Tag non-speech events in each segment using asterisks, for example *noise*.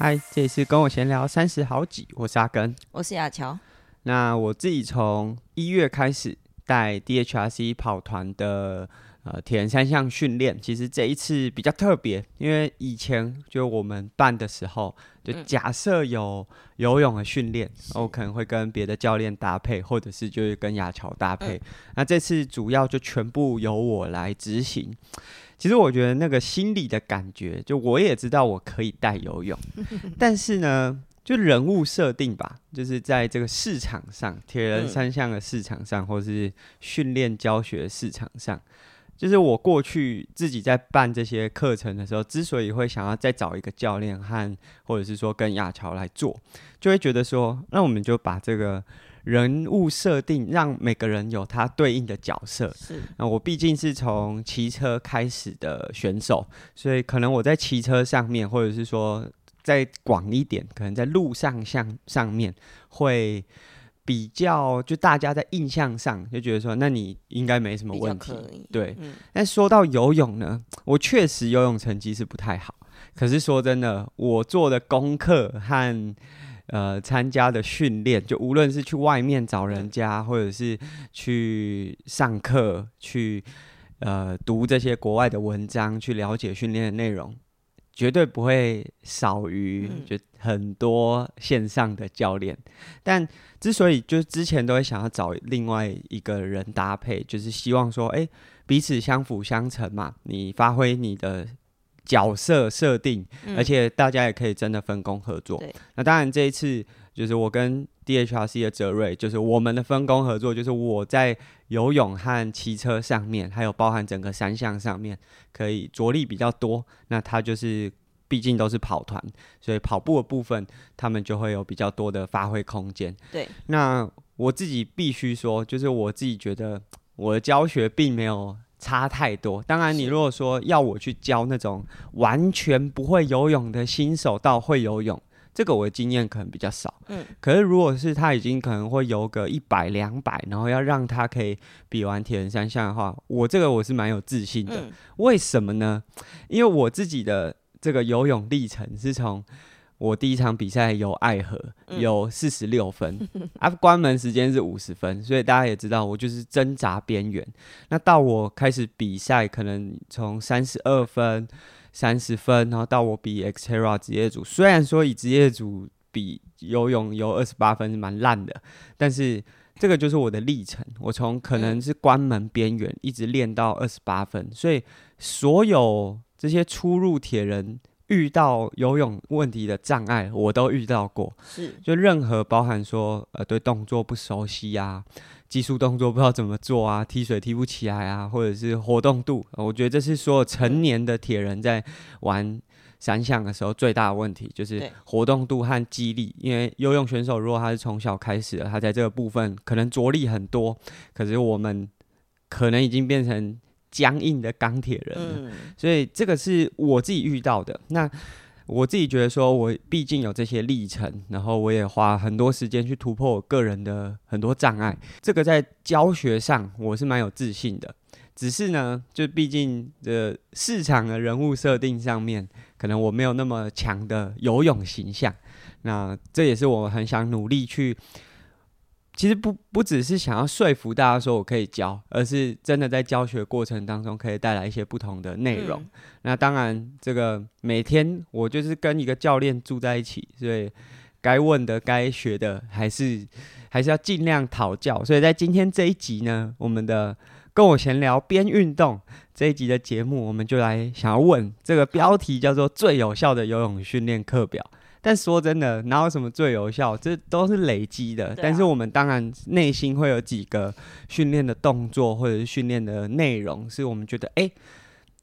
嗨，這次跟我閒聊三十好幾，我是阿耕，我是雅喬。那我自己從一月開始帶 DHRC 跑團的呃鐵人三項訓練，其實這一次比較特別，因為以前就我們辦的時候，就假設有游泳的訓練，嗯、我可能會跟別的教練搭配，或者是就是跟雅喬搭配、嗯。那這次主要就全部由我來執行。其實我覺得那個心理的感覺，就我也知道我可以帶游泳， *laughs* 但是呢，就人物設定吧，就是在這個市場上，鐵人三項的市場上，或是訓練教學的市場上，就是我過去自己在辦這些課程的時候，之所以會想要再找一個教練和，或者是說跟雅喬來做，就會覺得說，那我們就把這個。人物設定，讓每個人有他對應的角色。是，那、啊、我畢竟是從騎車開始的選手，所以可能我在騎車上面，或者是說再廣一點，可能在路上向上面會比較，就大家在印象上就覺得說，那你應該沒什麼問題。對。那、嗯、說到游泳呢，我確實游泳成績是不太好。可是說真的，我做的功課和。呃，參加的訓練，就無論是去外面找人家，或者是去上課，去呃讀這些國外的文章，去了解訓練的內容，絕對不會少於就很多線上的教練。嗯。但之所以就之前都會想要找另外一個人搭配，就是希望說，哎、欸，彼此相輔相成嘛，你發揮你的。角色設定，而且大家也可以真的分工合作。嗯、那當然，這一次就是我跟 DHRC 的澤瑞，就是我們的分工合作，就是我在游泳和騎車上面，還有包含整個三項上面可以着力比較多。那他就是畢竟都是跑團，所以跑步的部分他們就會有比較多的發揮空間。對，那我自己必須說，就是我自己覺得我的教學並沒有。差太多。當然，你如果說要我去教那種完全不會游泳的新手到會游泳，這個我的經驗可能比較少。嗯，可是如果是他已經可能會游個一百兩百，200，然後要讓他可以比完鐵人三項的話，我這個我是蠻有自信的，嗯。為什麼呢？因為我自己的這個游泳歷程是從。我第一場比賽游愛河有四十六分，嗯、 *laughs* 啊，關門時間是五十分，所以大家也知道我就是掙扎邊緣。那到我開始比賽，可能從三十二分、三十分，然後到我比 Xterra 職業組，雖然說以職業組比游泳游二十八分是蠻爛的，但是這個就是我的歷程。我從可能是關門邊緣一直練到二十八分，所以所有這些初入鐵人。遇到游泳問題的障礙，我都遇到過。是，就任何包含說，呃，對動作不熟悉呀、啊，技術動作不知道怎麼做啊，踢水踢不起來啊，或者是活動度，我覺得這是所有成年的鐵人在玩三項的時候最大的問題，就是活動度和肌力。因為游泳選手如果他是從小開始的，他在這個部分可能着力很多，可是我們可能已經變成。僵硬的鋼鐵人，所以這個是我自己遇到的。那我自己覺得說，我畢竟有這些歷程，然後我也花很多時間去突破我個人的很多障礙。這個在教學上我是蠻有自信的，只是呢，就畢竟的市場的人物設定上面，可能我沒有那麼強的游泳形象。那這也是我很想努力去。其實不不只是想要說服大家說我可以教，而是真的在教學過程當中可以帶來一些不同的內容。嗯。那當然，這個每天我就是跟一個教練住在一起，所以該問的、該學的還，還是還是要盡量討教。所以在今天這一集呢，我們的跟我閒聊邊運動這一集的節目，我們就來想要問這個標題叫做最有效的游泳訓練課表。但說真的，哪有什麼最有效？這都是累積的、啊。但是我們當然內心會有幾個訓練的動作，或者是訓練的內容，是我們覺得，哎、欸，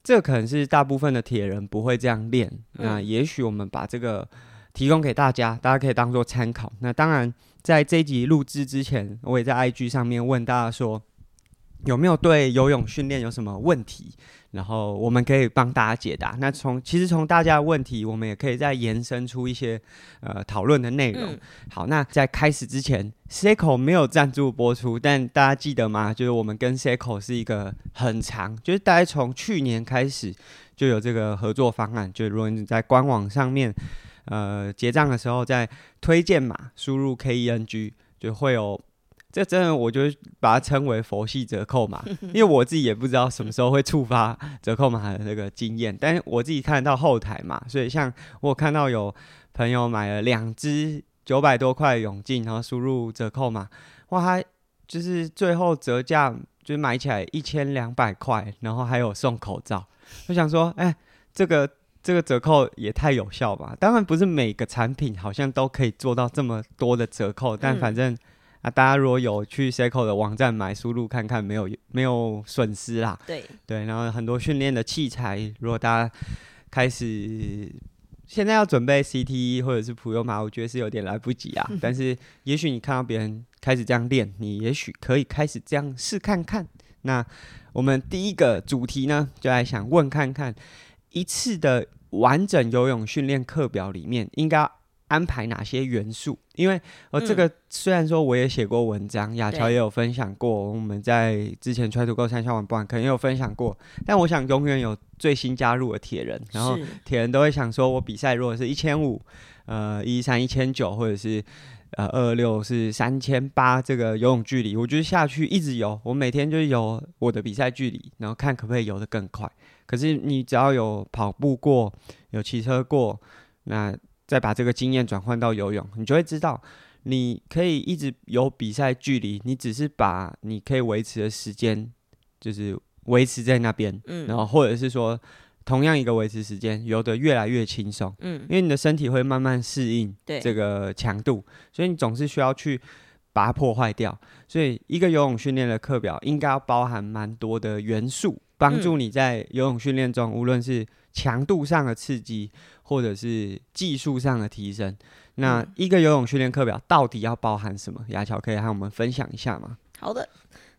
這可能是大部分的鐵人不會這樣練、嗯。那也許我們把這個提供給大家，大家可以當做參考。那當然，在這一集錄制之前，我也在 IG 上面問大家說，有沒有對游泳訓練有什麼問題？然後我們可以幫大家解答。那從其實從大家的問題，我們也可以再延伸出一些呃討論的內容。嗯。好，那在開始之前 Saeko 沒有贊助播出，但大家記得嗎？就是我們跟 Saeko 是一個很長，就是大概從去年開始就有這個合作方案。就是如果你在官網上面呃結賬的時候，在推薦碼輸入 KENG，就會有。這真的，我就把它稱為佛系折扣嘛。因為我自己也不知道什麼時候會觸發折扣碼的那個經驗，但是我自己看到後台嘛，所以像我看到有朋友買了兩支九百多塊的泳鏡，然後輸入折扣碼，哇，就是最後折價就是買起來一千兩百塊，然後還有送口罩。我想說，哎，這個這個折扣也太有效吧？當然不是每個產品好像都可以做到這麼多的折扣，但反正。啊，大家如果有去 Saeko 的網站買，輸入看看，沒有沒有損失啦。對對，然後很多訓練的器材，如果大家開始現在要準備 CT 或者是普悠瑪，我覺得是有點來不及啊，嗯。但是也許你看到別人開始這樣練，你也許可以開始這樣試看看。那我們第一個主題呢，就來想問看看，一次的完整游泳訓練課表裡面應該。安排哪些元素？因為呃、哦，這個雖然說我也寫過文章，雅、嗯、喬也有分享過，我們在之前 Tri to go 三小玩伴，可能也有分享過，但我想永遠有最新加入的鐵人，然後鐵人都會想說：我比賽如果是一千五，呃，一三一千九，或者是呃二二六是三千八這個游泳距離，我就是下去一直游，我每天就游我的比賽距離，然後看可不可以游得更快。可是你只要有跑步過，有騎車過，那再把這個經驗轉換到游泳，你就會知道，你可以一直游比賽距離，你只是把你可以維持的時間，就是維持在那邊，嗯，然後或者是說，同樣一個維持時間，游得越來越輕鬆，嗯，因為你的身體會慢慢適應，對，這個強度，所以你總是需要去把它破壞掉。所以一個游泳訓練的課表應該要包含蠻多的元素。幫助你在游泳訓練中，嗯、無論是強度上的刺激，或者是技術上的提升。嗯，那一個游泳訓練課表到底要包含什麼？雅喬可以和我們分享一下嗎？好的。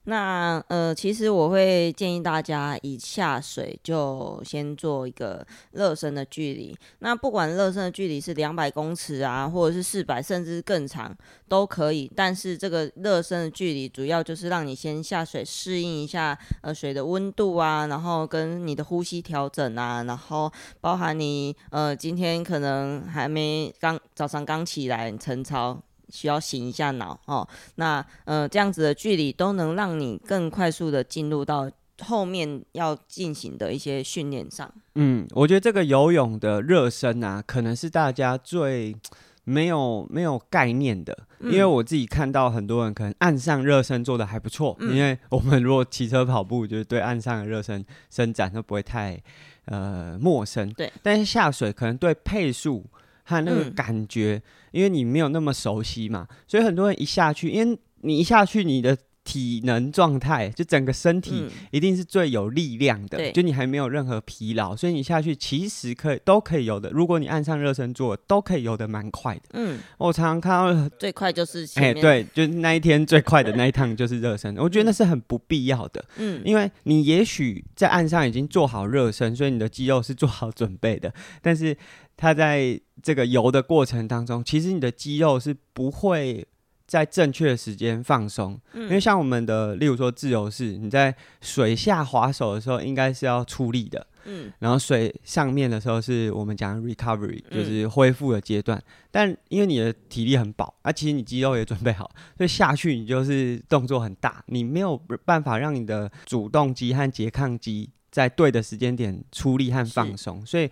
那呃，其實我會建議大家一下水就先做一個熱身的距離。那不管熱身的距離是兩百公尺啊，或者是四百，甚至更長都可以。但是這個熱身的距離主要就是讓你先下水適應一下呃水的溫度啊，然後跟你的呼吸調整啊，然後包含你呃今天可能還沒剛早上剛起來晨操，需要醒一下腦哦，那呃，這樣子的距離都能讓你更快速的進入到後面要進行的一些訓練上。嗯，我覺得這個游泳的熱身啊，可能是大家最沒有沒有概念的。嗯，因為我自己看到很多人可能岸上熱身做得還不錯。嗯，因為我們如果騎車跑步，就是對岸上的熱身伸展都不會太呃陌生。對，但是下水可能對配速，和那個感覺、嗯，因為你沒有那麼熟悉嘛，所以很多人一下去，因為你一下去，你的體能狀態就整個身體一定是最有力量的，嗯、就你還沒有任何疲勞，所以你下去其實可以都可以游的。如果你岸上熱身做，都可以游的蠻快的。嗯，我常常看到最快就是哎、欸，對，就那一天最快的那一趟就是熱身， *laughs* 我覺得那是很不必要的。嗯，因為你也許在岸上已經做好熱身，所以你的肌肉是做好準備的，但是。它在這個游的過程當中，其實你的肌肉是不會在正確的時間放鬆、嗯，因為像我們的，例如說自由式，你在水下划手的時候，應該是要出力的，嗯，然後水上面的時候，是我們講 recovery，就是恢復的階段、嗯。但因為你的體力很飽，啊，其實你肌肉也準備好，所以下去你就是動作很大，你沒有辦法讓你的主動肌和拮抗肌在對的時間點出力和放鬆，所以。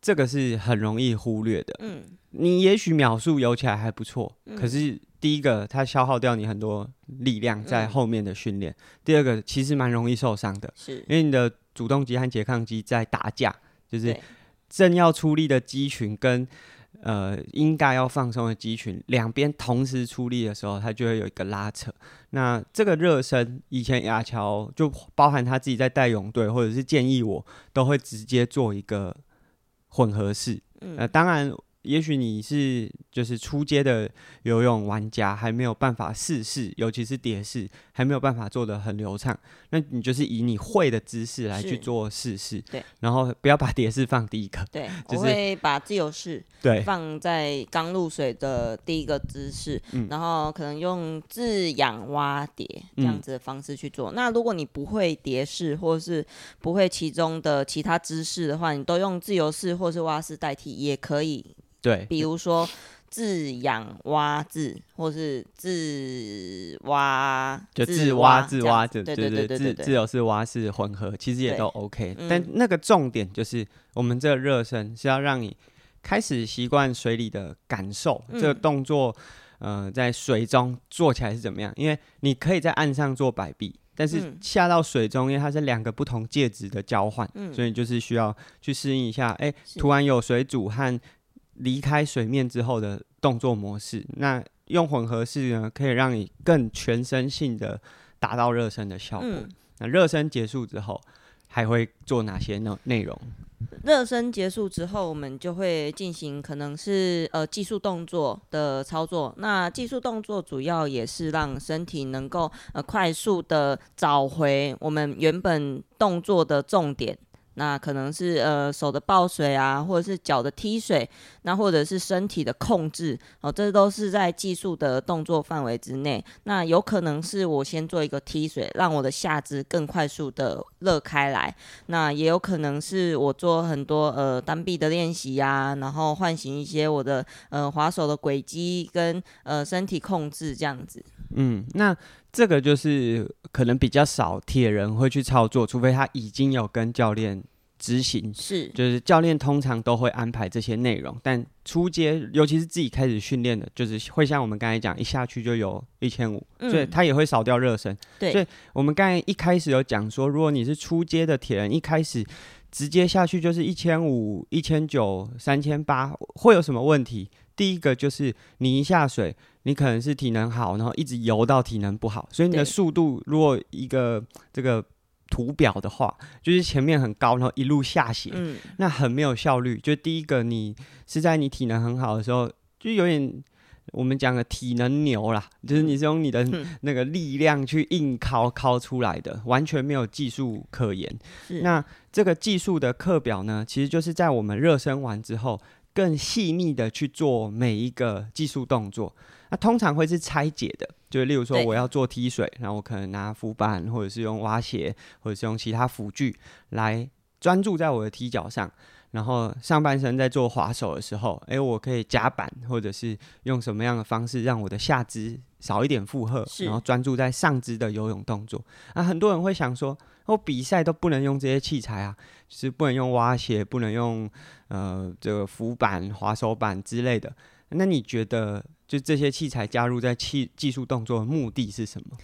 這個是很容易忽略的。嗯，你也許秒速游起來還不錯、嗯，可是第一個，它消耗掉你很多力量在後面的訓練、嗯；第二個，其實蠻容易受傷的，是因為你的主動肌和拮抗肌在打架，就是正要出力的肌群跟呃應該要放鬆的肌群兩邊同時出力的時候，它就會有一個拉扯。那這個熱身，以前雅喬就包含他自己在帶泳隊，或者是建議我，都會直接做一個。混合式、嗯，呃，當然。也許你是就是初階的游泳玩家，還沒有辦法四式，尤其是蝶式，還沒有辦法做得很流暢。那你就是以你會的姿勢來去做四式，對，然後不要把蝶式放第一個，對、就是，我會把自由式對放在剛入水的第一個姿勢，然後可能用自仰蛙蝶這樣子的方式去做。嗯、那如果你不會蝶式，或是不會其中的其他姿勢的話，你都用自由式或是蛙式代替也可以。對，比如說自仰蛙自，或是自蛙自蛙，就自蛙自蛙自，對對對對，對，對，對，對自由式蛙式混合，其實也都 OK。但那個重點就是，我們這個熱身是要讓你開始習慣水裡的感受，嗯、這個動作，嗯、呃，在水中做起來是怎麼樣？因為你可以在岸上做擺臂，但是下到水中，因為它是兩個不同介質的交換，嗯，所以就是需要去適應一下。哎、欸，突然有水阻和離開水面之後的動作模式，那用混合式呢，可以讓你更全身性的達到熱身的效果。嗯，那熱身結束之後，還會做哪些內容？熱身結束之後，我們就會進行可能是呃技術動作的操作。那技術動作主要也是讓身體能夠呃快速的找回我們原本動作的重點。那可能是呃手的抱水啊，或者是腳的踢水，那或者是身體的控制哦，這都是在技術的動作範圍之內。那有可能是我先做一個踢水，讓我的下肢更快速的熱開來。那也有可能是我做很多呃單臂的練習啊，然後喚醒一些我的呃滑手的軌跡跟呃身體控制這樣子。嗯，那這個就是可能比較少鐵人會去操作，除非他已經有跟教練。執行是，就是教練通常都會安排這些內容，但初階，尤其是自己開始訓練的，就是會像我們剛才講，一下去就有一千五，所以他也會少掉熱身。對，所以我們剛才一開始有講說，如果你是初階的鐵人，一開始直接下去就是一千五、一千九、三千八，會有什麼問題？第一個就是你一下水，你可能是體能好，然後一直游到體能不好，所以你的速度，如果一個這個。圖表的話，就是前面很高，然後一路下斜，嗯，那很沒有效率。就第一個，你是在你體能很好的時候，就有點我們講的體能牛啦，就是你是用你的那個力量去硬敲敲出來的，嗯，完全沒有技術可言。那這個技術的課表呢，其實就是在我們熱身完之後，更細膩的去做每一個技術動作。那、啊、通常會是拆解的。就例如說，我要做踢水，然後我可能拿浮板，或者是用蛙鞋，或者是用其他輔具來專注在我的踢腳上，然後上半身在做划手的時候，哎、欸，我可以夾板，或者是用什麼樣的方式讓我的下肢少一點負荷，然後專注在上肢的游泳動作。那、啊、很多人會想說，我、哦、比賽都不能用這些器材啊，就是不能用蛙鞋，不能用呃這個浮板、划手板之類的。那你覺得？就這些器材加入在器技技術動作的目的是什麼？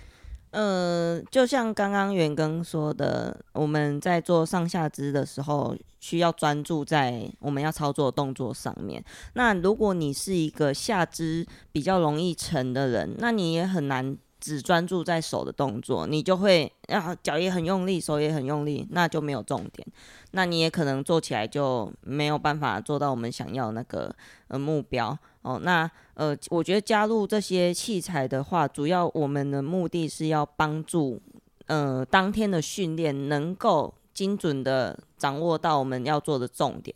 呃，就像剛剛袁耕說的，我們在做上下肢的時候，需要專注在我們要操作的動作上面。那如果你是一個下肢比較容易沉的人，那你也很難只專注在手的動作，你就會，啊，腳也很用力，手也很用力，那就沒有重點。那你也可能做起來就沒有辦法做到我們想要的那個，呃，目標。哦，那呃，我覺得加入這些器材的話，主要我們的目的是要幫助呃當天的訓練能夠精準地掌握到我們要做的重點。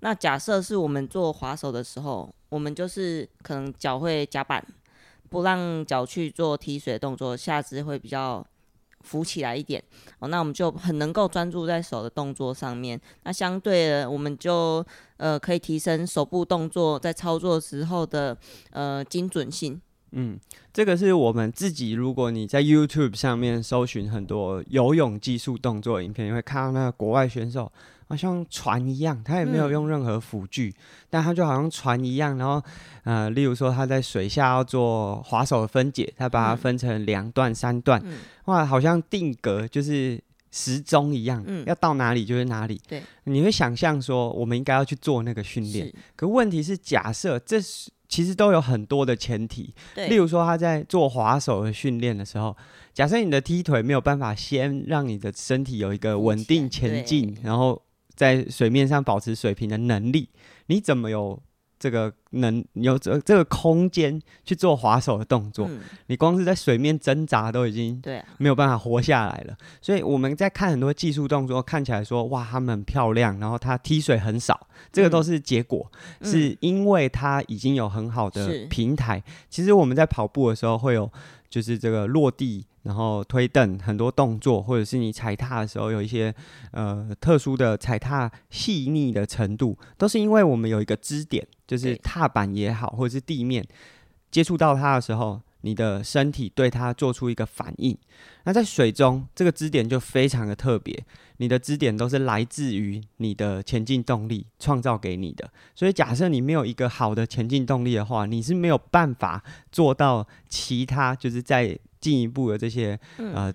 那假設是我們做划手的時候，我們就是可能腳會夾板，不讓腳去做踢水動作，下肢會比較。浮起來一點哦，那我們就很能夠專注在手的動作上面，那相對的我們就呃可以提升手部動作在操作時候的呃精準性。嗯，這個是我們自己。如果你在 YouTube 上面搜尋很多游泳技術動作影片，你會看到那個國外選手，好像船一樣，他也沒有用任何輔具、嗯，但他就好像船一樣。然後，呃，例如說他在水下要做划手的分解，他把它分成兩段、三段，哇、嗯，好像定格就是時鐘一樣、嗯，要到哪裡就是哪裡。對，你會想象說我們應該要去做那個訓練。可問題是，假設這是。其實都有很多的前提，例如說他在做划手的訓練的時候，假設你的踢腿沒有辦法先讓你的身體有一個穩定前進，然後在水面上保持水平的能力，你怎麼有？這個能有這這個空間去做划手的動作，嗯，你光是在水面掙扎都已經沒有辦法活下來了。啊，所以我們在看很多技術動作，看起來說哇，他們很漂亮，然後他踢水很少，這個都是結果，嗯，是因為他已經有很好的平台。嗯，其實我們在跑步的時候會有。就是這個落地，然後推蹬，很多動作，或者是你踩踏的時候，有一些呃特殊的踩踏細膩的程度，都是因為我們有一個支點，就是踏板也好，或者是地面接觸到它的時候，你的身體對它做出一個反應。那在水中，這個支點就非常的特別。你的支點都是來自於你的前進動力創造給你的。所以，假設你沒有一個好的前進動力的話，你是沒有辦法做到其他，就是再進一步的這些、嗯、呃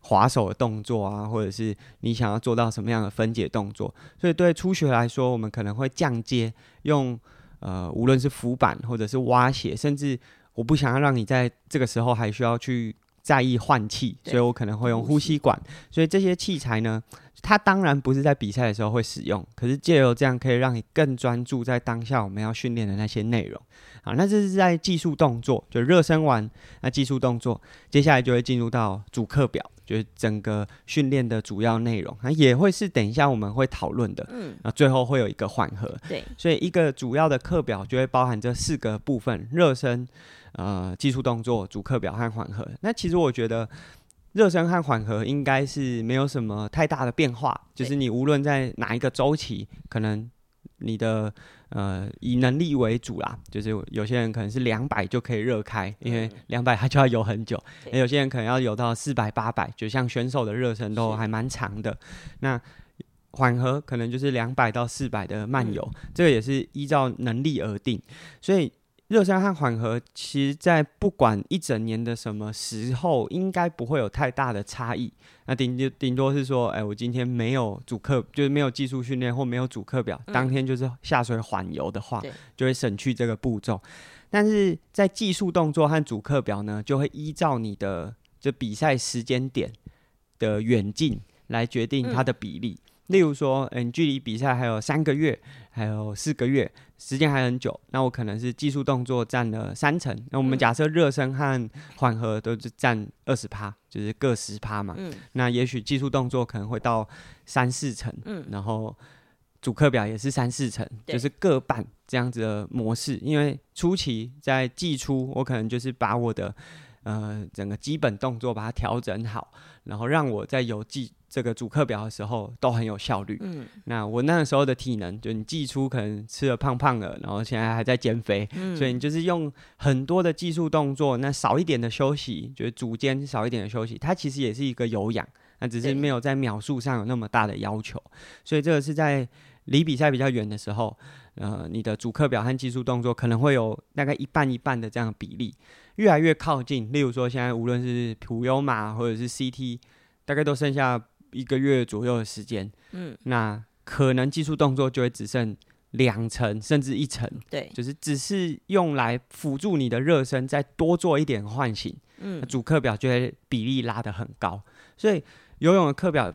划手的動作啊，或者是你想要做到什麼樣的分解動作。所以，對初學來說，我們可能會降階，用呃，無論是浮板或者是蛙鞋，甚至。我不想要讓你在這個時候還需要去在意換氣，所以我可能會用呼吸管。所以這些器材呢，它當然不是在比賽的時候會使用，可是藉由這樣可以讓你更專注在當下我們要訓練的那些內容。好，那這是在技術動作，就熱身完，那技術動作，接下來就會進入到主課表。就是整個訓練的主要內容，也會是等一下我們會討論的，嗯，然後最後會有一個緩和，對，所以一個主要的課表就會包含這四個部分：熱身、呃，技術動作、主課表和緩和。那其實我覺得熱身和緩和應該是沒有什麼太大的變化，就是你無論在哪一個週期，可能你的。呃，以能力為主啦，就是有些人可能是兩百就可以熱開，嗯嗯，因為兩百他就要游很久，而有些人可能要游到四百、八百，就像選手的熱身都還蠻長的。那緩和可能就是兩百到四百的慢游，嗯，這個也是依照能力而定，所以。熱身和緩和，其實在不管一整年的什麼時候，應該不會有太大的差異。那頂頂頂多是說，哎、欸，我今天沒有主課，就是沒有技術訓練或沒有主課表，當天就是下水緩游的話，嗯，就會省去這個步驟。但是在技術動作和主課表呢，就會依照你的這比賽時間點的遠近來決定它的比例。嗯、例如說，嗯、欸，距離比賽還有三個月，還有四個月。時間還很久，那我可能是技術動作佔了三成，那我們假設熱身和緩和都是佔二十趴，就是各十趴嘛。嗯，那也許技術動作可能會到三四成，嗯，然後主課表也是三四成，嗯，就是各半這樣子的模式。因為初期在季初，我可能就是把我的。呃，整個基本動作把它調整好，然後讓我在有記這個主課表的時候都很有效率。嗯，那我那時候的體能，就你季初可能吃的胖胖的，然後現在還在減肥、嗯，所以你就是用很多的技術動作，那少一點的休息，就是組間少一點的休息，它其實也是一個有氧，那只是沒有在秒數上有那麼大的要求、哎。所以這個是在離比賽比較遠的時候，呃，你的主課表和技術動作可能會有大概一半一半的這樣的比例。越來越靠近，例如說現在無論是普悠馬、或者是 CT，大概都剩下一個月左右的時間。嗯，那可能技術動作就會只剩兩成，甚至一成。對，就是只是用來輔助你的熱身，再多做一點喚醒。嗯，主課表就會比例拉得很高，所以游泳的課表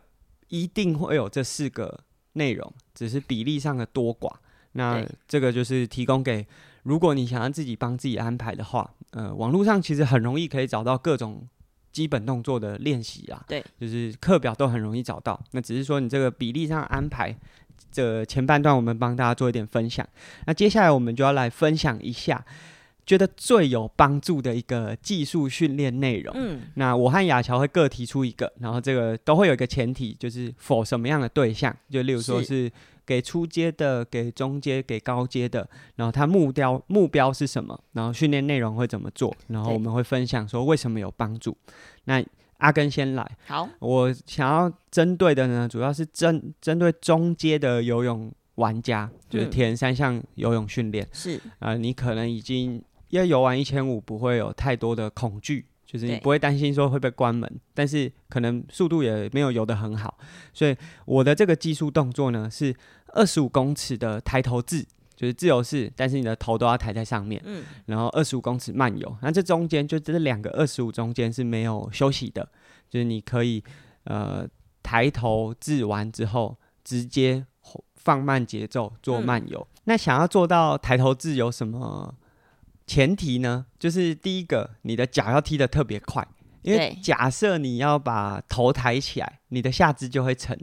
一定會有這四個內容，只是比例上的多寡。那這個就是提供給。如果你想要自己幫自己安排的話，呃，網絡上其實很容易可以找到各種基本動作的練習啊，對，就是課表都很容易找到。那只是說你這個比例上安排，這前半段我們幫大家做一點分享。那接下來我們就要來分享一下，覺得最有幫助的一個技術訓練內容。嗯，那我和雅喬會各提出一個，然後這個都會有一個前提，就是 for 什麼樣的對象，就例如說是。給初階的、給中階、給高階的，然後他目標目標是什麼？然後訓練內容會怎麼做？然後我們會分享說為什麼有幫助。那阿耕先來。好，我想要針對的呢，主要是針針對中階的游泳玩家，嗯、就是鐵三項游泳訓練。是啊、呃，你可能已經要游完一千五，不會有太多的恐懼。就是你不會擔心說會被關門，但是可能速度也沒有游得很好，所以我的這個技術動作呢，是二十五公尺的抬頭捷，就是自由式，但是你的頭都要抬在上面，嗯、然後二十五公尺慢游，那這中間就這兩個二十五中間是沒有休息的，就是你可以呃抬頭捷完之後直接放慢節奏做慢游，嗯，那想要做到抬頭捷有什麼？前提呢，就是第一個，你的腳要踢得特別快，因為假設你要把頭抬起來，你的下肢就會沉，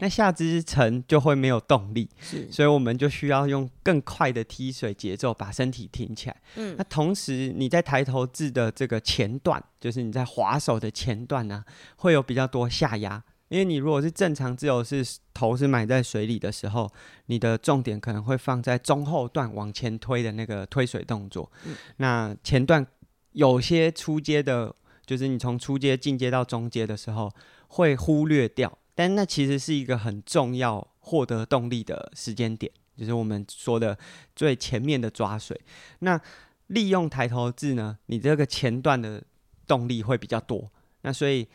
那下肢沉就會沒有動力，所以我們就需要用更快的踢水節奏把身體挺起來。嗯、那同時你在抬頭制的這個前段，就是你在劃手的前段呢、啊，會有比較多下壓。因為你如果是正常自由式頭是埋在水裡的時候，你的重點可能會放在中後段往前推的那個推水動作。嗯、那前段有些初階的，就是你從初階進階到中階的時候，會忽略掉。但那其實是一個很重要獲得動力的時間點，就是我們說的最前面的抓水。那利用抬頭捷呢，你這個前段的動力會比較多。那所以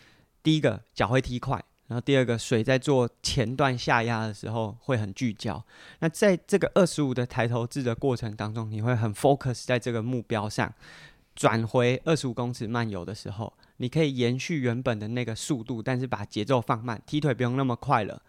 第一個腳會踢快。然後第二個，水在做前段下壓的時候會很聚焦。那在這個二十五的抬頭字的過程當中，你會很 focus 在這個目標上。轉回二十五公尺慢游的時候，你可以延續原本的那個速度，但是把節奏放慢，踢腿不用那麼快了，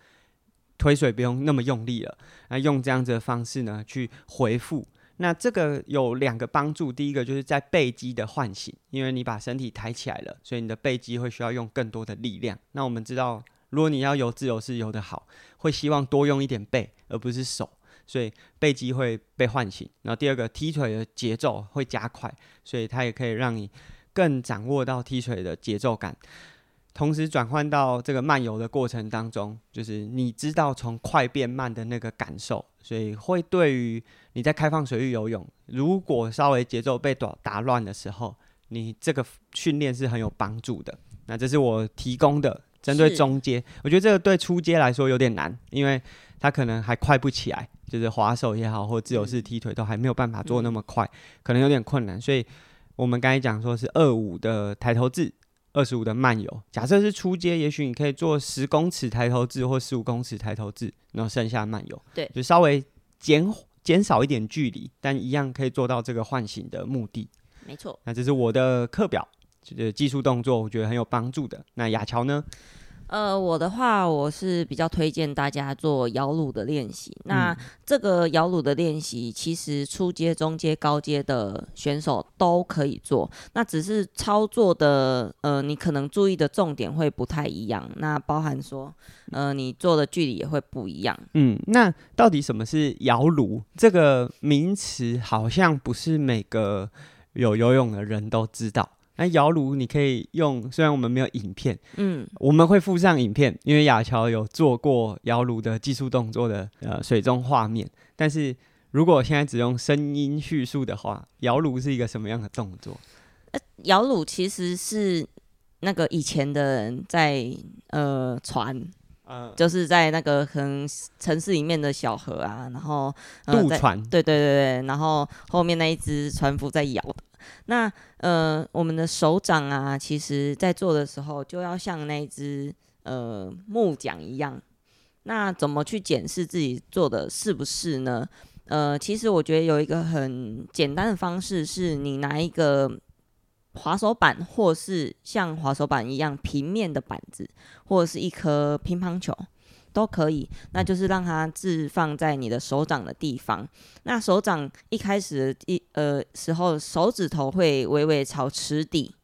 推水不用那麼用力了。那用這樣子的方式呢，去回復。那這個有兩個幫助，第一個就是在背肌的喚醒，因為你把身體抬起來了，所以你的背肌會需要用更多的力量。那我們知道，如果你要游自由式游得好，會希望多用一點背，而不是手，所以背肌會被喚醒。然後第二個，踢腿的節奏會加快，所以它也可以讓你更掌握到踢腿的節奏感。同時轉換到這個慢游的過程當中，就是你知道從快變慢的那個感受，所以會對於你在開放水域游泳，如果稍微節奏被打打亂的時候，你這個訓練是很有幫助的。那這是我提供的針對中階，我覺得這個對初階來說有點難，因為他可能還快不起來，就是划手也好，或自由式踢腿都還沒有辦法做那麼快，嗯、可能有點困難。所以我們剛才講說是二五的抬頭字二十五的慢游，假設是初階，也許你可以做十公尺抬頭擲或十五公尺抬頭擲，然後剩下慢游。對，就稍微減減少一點距離，但一樣可以做到這個喚醒的目的。沒錯，那這是我的課表，就是技術動作我覺得很有幫助的。那雅喬呢？呃，我的話，我是比較推薦大家做搖櫓的練習。那、嗯、這個搖櫓的練習，其實初階、中階、高階的選手都可以做。那只是操作的，呃，你可能注意的重點會不太一樣。那包含說，呃，你做的距離也會不一樣。嗯，那到底什麼是搖櫓？這個名詞好像不是每個有游泳的人都知道。那搖櫓你可以用，雖然我們沒有影片，嗯，我們會附上影片，因為雅喬有做過搖櫓的技術動作的呃水中畫面，但是如果現在只用聲音敘述的話，搖櫓是一個什麼樣的動作？呃，搖櫓其實是那個以前的人在呃船呃，就是在那個可能城市裡面的小河啊，然後，呃，渡船，對對對對，然後後面那一隻船夫在搖那呃，我們的手掌啊，其實在做的時候就要像那只呃木槳一樣。那怎麼去檢視自己做的是不是呢？呃，其實我覺得有一個很簡單的方式，是你拿一個滑手板，或是像滑手板一樣平面的板子，或者是一顆乒乓球。都可以，那就是讓它置放在你的手掌的地方。那手掌一開始一呃時候，手指頭會微微朝池底，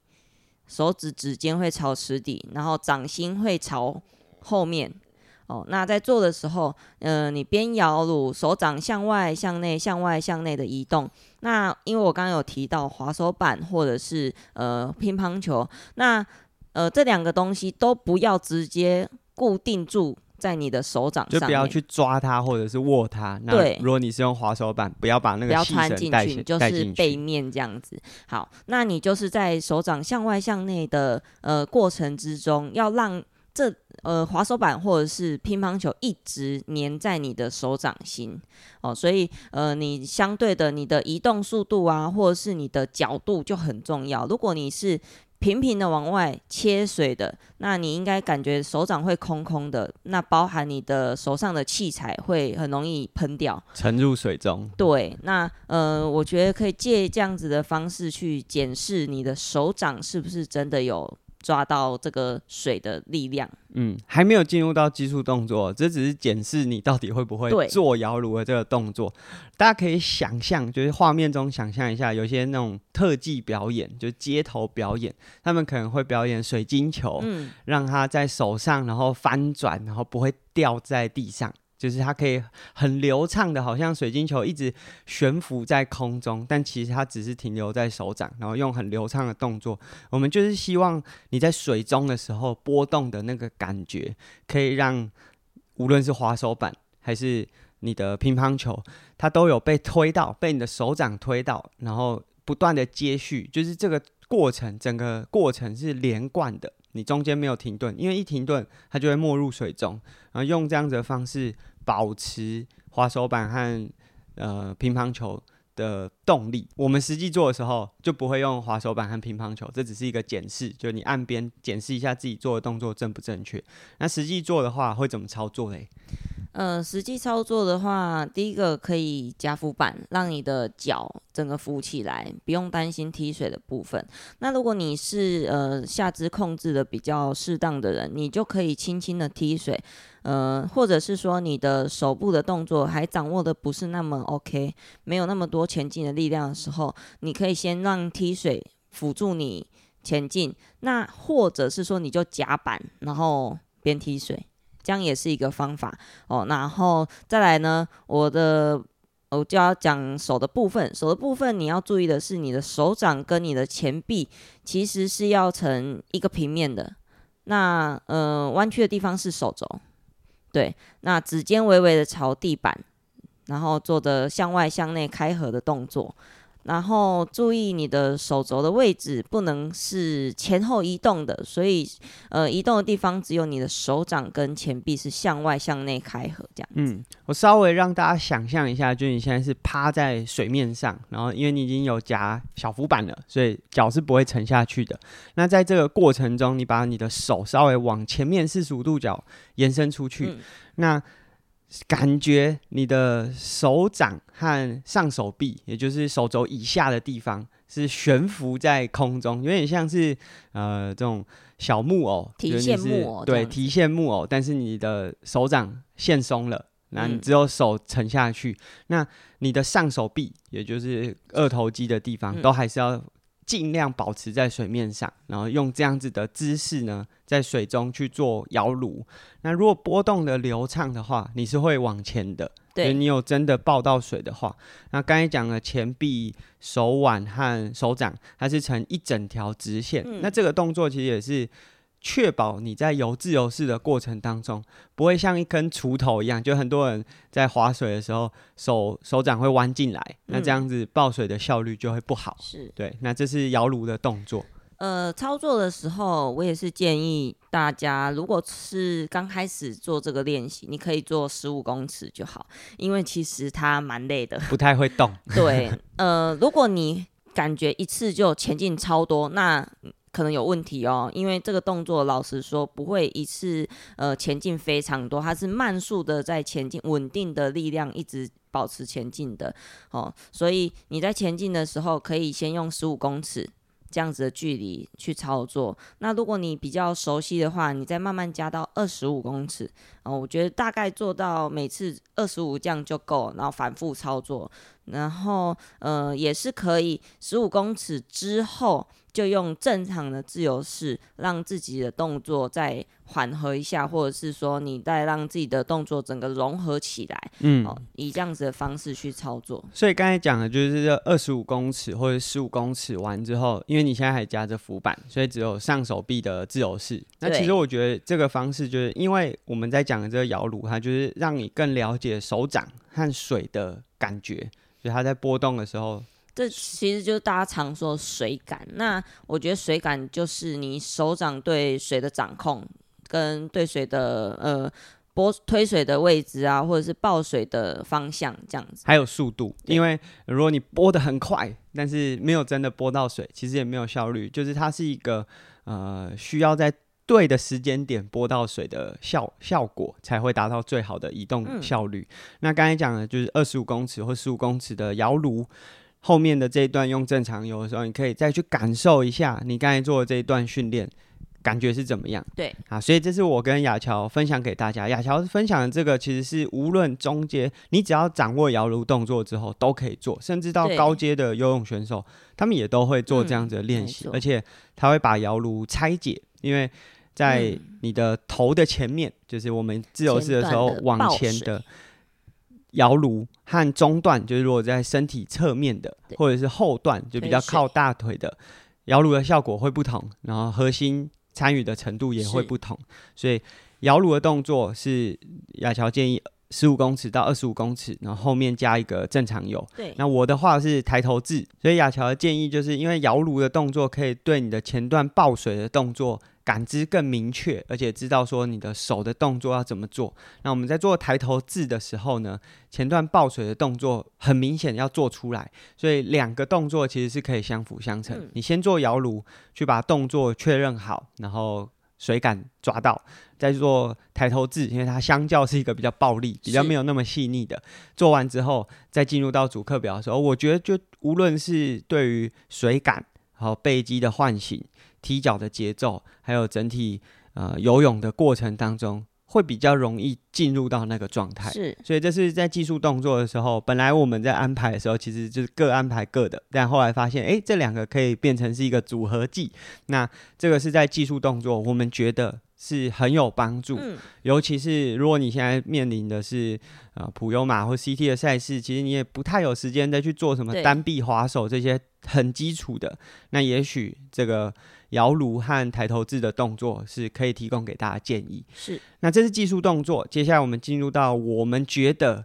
手指指尖會朝池底，然後掌心會朝後面。哦，那在做的時候，嗯、呃，你邊搖櫓，手掌向外、向內、向外、向內的移動。那因為我剛剛有提到滑手板或者是呃乒乓球，那呃這兩個東西都不要直接固定住。在你的手掌上，就不要去抓它或者是握它。對，那如果你是用滑手板，不要把那個帶不要穿進去，就是背面這樣子。好，那你就是在手掌向外向內的呃過程之中，要讓這呃滑手板或者是乒乓球一直粘在你的手掌心哦。所以呃，你相對的你的移動速度啊，或者是你的角度就很重要。如果你是平平的往外切水的，那你應該感覺手掌會空空的，那包含你的手上的器材會很容易噴掉，沉入水中。對，那呃，我覺得可以借這樣子的方式去檢視你的手掌是不是真的有。抓到這個水的力量，嗯，還沒有進入到技術動作，這只是檢視你到底會不會做搖櫓的這個動作。大家可以想象，就是畫面中想象一下，有些那種特技表演，就是街頭表演，他們可能會表演水晶球，嗯、讓它在手上，然後翻轉，然後不會掉在地上。就是它可以很流暢的，好像水晶球一直懸浮在空中，但其實它只是停留在手掌，然後用很流暢的動作。我們就是希望你在水中的時候波動的那個感覺，可以讓無論是滑手板還是你的乒乓球，它都有被推到，被你的手掌推到，然後不斷的接續，就是這個過程，整個過程是連貫的。你中間沒有停頓，因為一停頓它就會沒入水中。然後用這樣子的方式保持滑手板和呃乒乓球的動力。我們實際做的時候就不會用滑手板和乒乓球，這只是一個檢視，就你岸邊檢視一下自己做的動作正不正確。那實際做的話會怎麼操作嘞？呃，實際操作的話，第一個可以夾浮板，讓你的腳整個浮起來，不用擔心踢水的部分。那如果你是呃下肢控制的比較適當的人，你就可以輕輕的踢水，呃，或者是說你的手部的動作還掌握的不是那麼 OK，沒有那麼多前進的力量的時候，你可以先讓踢水輔助你前進。那或者是說你就夾板，然後邊踢水。這樣也是一個方法哦，然後再來呢，我的我就要講手的部分，手的部分你要注意的是，你的手掌跟你的前臂其實是要呈一個平面的，那呃彎曲的地方是手肘，對，那指尖微微的朝地板，然後做的向外向內開合的動作。然後注意你的手肘的位置不能是前後移動的，所以呃移動的地方只有你的手掌跟前臂是向外向內開合這樣。嗯，我稍微讓大家想象一下，就是你現在是趴在水面上，然後因為你已經有夾小浮板了，所以腳是不會沉下去的。那在這個過程中，你把你的手稍微往前面四十五度角延伸出去，嗯、那。感覺你的手掌和上手臂，也就是手肘以下的地方，是懸浮在空中，有點像是呃這種小木偶，提線木偶、就是是，對，提線木偶。但是你的手掌線鬆了，那你只有手沉下去、嗯。那你的上手臂，也就是二頭肌的地方，嗯、都還是要。盡量保持在水面上，然後用這樣子的姿勢呢，在水中去做搖櫓。那如果波動的流暢的話，你是會往前的。對，你有真的抱到水的話，那剛才講了前臂、手腕和手掌，它是成一整條直線，嗯。那這個動作其實也是。確保你在游自由式的過程當中，不會像一根鋤頭一樣，就很多人在划水的時候手手掌會彎進來，嗯，那這樣子抱水的效率就會不好。是，對，那這是搖櫓的動作。呃，操作的時候，我也是建議大家，如果是剛開始做這個練習，你可以做十五公尺就好，因為其實它蠻累的，不太會動。 *laughs* 對，呃，如果你感覺一次就前進超多，那可能有問題哦，因為這個動作老實說不會一次呃前進非常多，它是慢速的在前進，穩定的力量一直保持前進的哦。所以你在前進的時候，可以先用十五公尺這樣子的距離去操作。那如果你比較熟悉的話，你再慢慢加到二十五公尺哦。我覺得大概做到每次二十五這樣就夠，然後反覆操作，然後呃也是可以十五公尺之後。就用正常的自由式，讓自己的動作再緩和一下，或者是說你再讓自己的動作整個融合起來，嗯，哦、以這樣子的方式去操作。所以剛才講的就是這二十五公尺或者十五公尺完之後，因為你現在還夾着浮板，所以只有上手臂的自由式。那其實我覺得這個方式就是，因為我們在講的這個搖櫓，它就是讓你更了解手掌和水的感覺，所以它在波動的時候。這其實就是大家常說水感。那我覺得水感就是你手掌對水的掌控，跟對水的呃撥推水的位置啊，或者是抱水的方向這樣子。還有速度，因為如果你撥得很快，但是沒有真的撥到水，其實也沒有效率。就是它是一個呃需要在對的時間點撥到水的效效果才會達到最好的移動效率。嗯、那剛才講的就是二十五公尺或十五公尺的搖櫓。後面的這一段用正常游的時候，你可以再去感受一下你剛才做的這一段訓練感覺是怎麼樣。對，啊，所以這是我跟雅喬分享給大家。雅喬分享的這個其實是無論中階，你只要掌握搖櫓動作之後都可以做，甚至到高階的游泳選手，他們也都會做這樣子的練習，而且他會把搖櫓拆解，因為在你的頭的前面，就是我們自由式的時候往前的。搖櫓和中段，就是如果在身體側面的或者是後段，就比較靠大腿的搖櫓的效果會不同，然後核心參與的程度也會不同。所以搖櫓的動作是雅喬建議十五公尺到二十五公尺，然後後面加一個正常游。對，那我的話是抬頭捷。所以雅喬的建議就是因為搖櫓的動作可以對你的前段抱水的動作。感知更明確，而且知道說你的手的動作要怎麼做。那我們在做抬頭字的時候呢，前段抱水的動作很明顯要做出來，所以兩個動作其實是可以相輔相成。嗯。你先做搖櫓，去把動作確認好，然後水感抓到，再做抬頭字，因為它相較是一個比較暴力、比較沒有那麼細膩的。做完之後，再進入到主課表的時候，我覺得就無論是對於水感，還有背肌的喚醒。踢腳的節奏，還有整體呃游泳的過程當中，會比較容易進入到那個狀態。是，所以這是在技術動作的時候，本來我們在安排的時候，其實就是各安排各的。但後來發現，誒、欸，這兩個可以變成是一個組合技。那這個是在技術動作，我們覺得是很有幫助、嗯。尤其是如果你現在面臨的是呃普游馬或 CT 的賽事，其實你也不太有時間再去做什麼單臂划手這些很基礎的。那也許這個。搖櫓和抬頭字的動作是可以提供給大家建議。是，那這是技術動作。接下來我們進入到我們覺得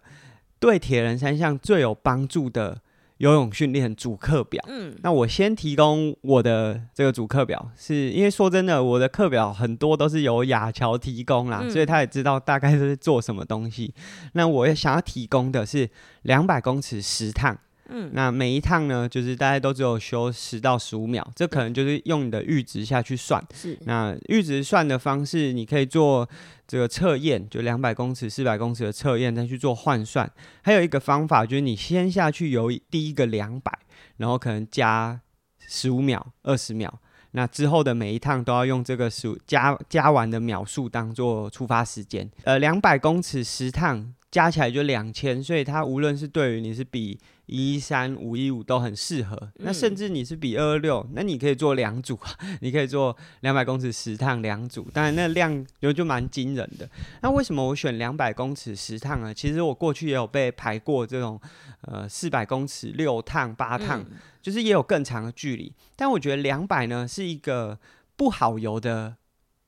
對鐵人三項最有幫助的游泳訓練主課表。嗯，那我先提供我的這個主課表，是因為說真的，我的課表很多都是由雅喬提供啦、嗯，所以他也知道大概是做什麼東西。那我也想要提供的是兩百公尺十趟。嗯，那每一趟呢，就是大家都只有休十到十五秒，這可能就是用你的閾值下去算。是，那閾值算的方式，你可以做這個測驗，就兩百公尺、四百公尺的測驗，再去做換算。還有一個方法，就是你先下去游第一個兩百，然後可能加十五秒、二十秒，那之後的每一趟都要用這個數加加完的秒數當做出發時間。呃，兩百公尺十趟。加起來就兩千，所以它無論是對於你是比一三五一五都很適合，嗯。那甚至你是比二二六，那你可以做兩組， *laughs* 你可以做兩百公尺十趟兩組，當然那量就就蠻驚人的。那為什麼我選兩百公尺十趟呢？其實我過去也有被排過這種，呃，四百公尺六趟八趟，嗯，就是也有更長的距離。但我覺得兩百呢是一個不好游的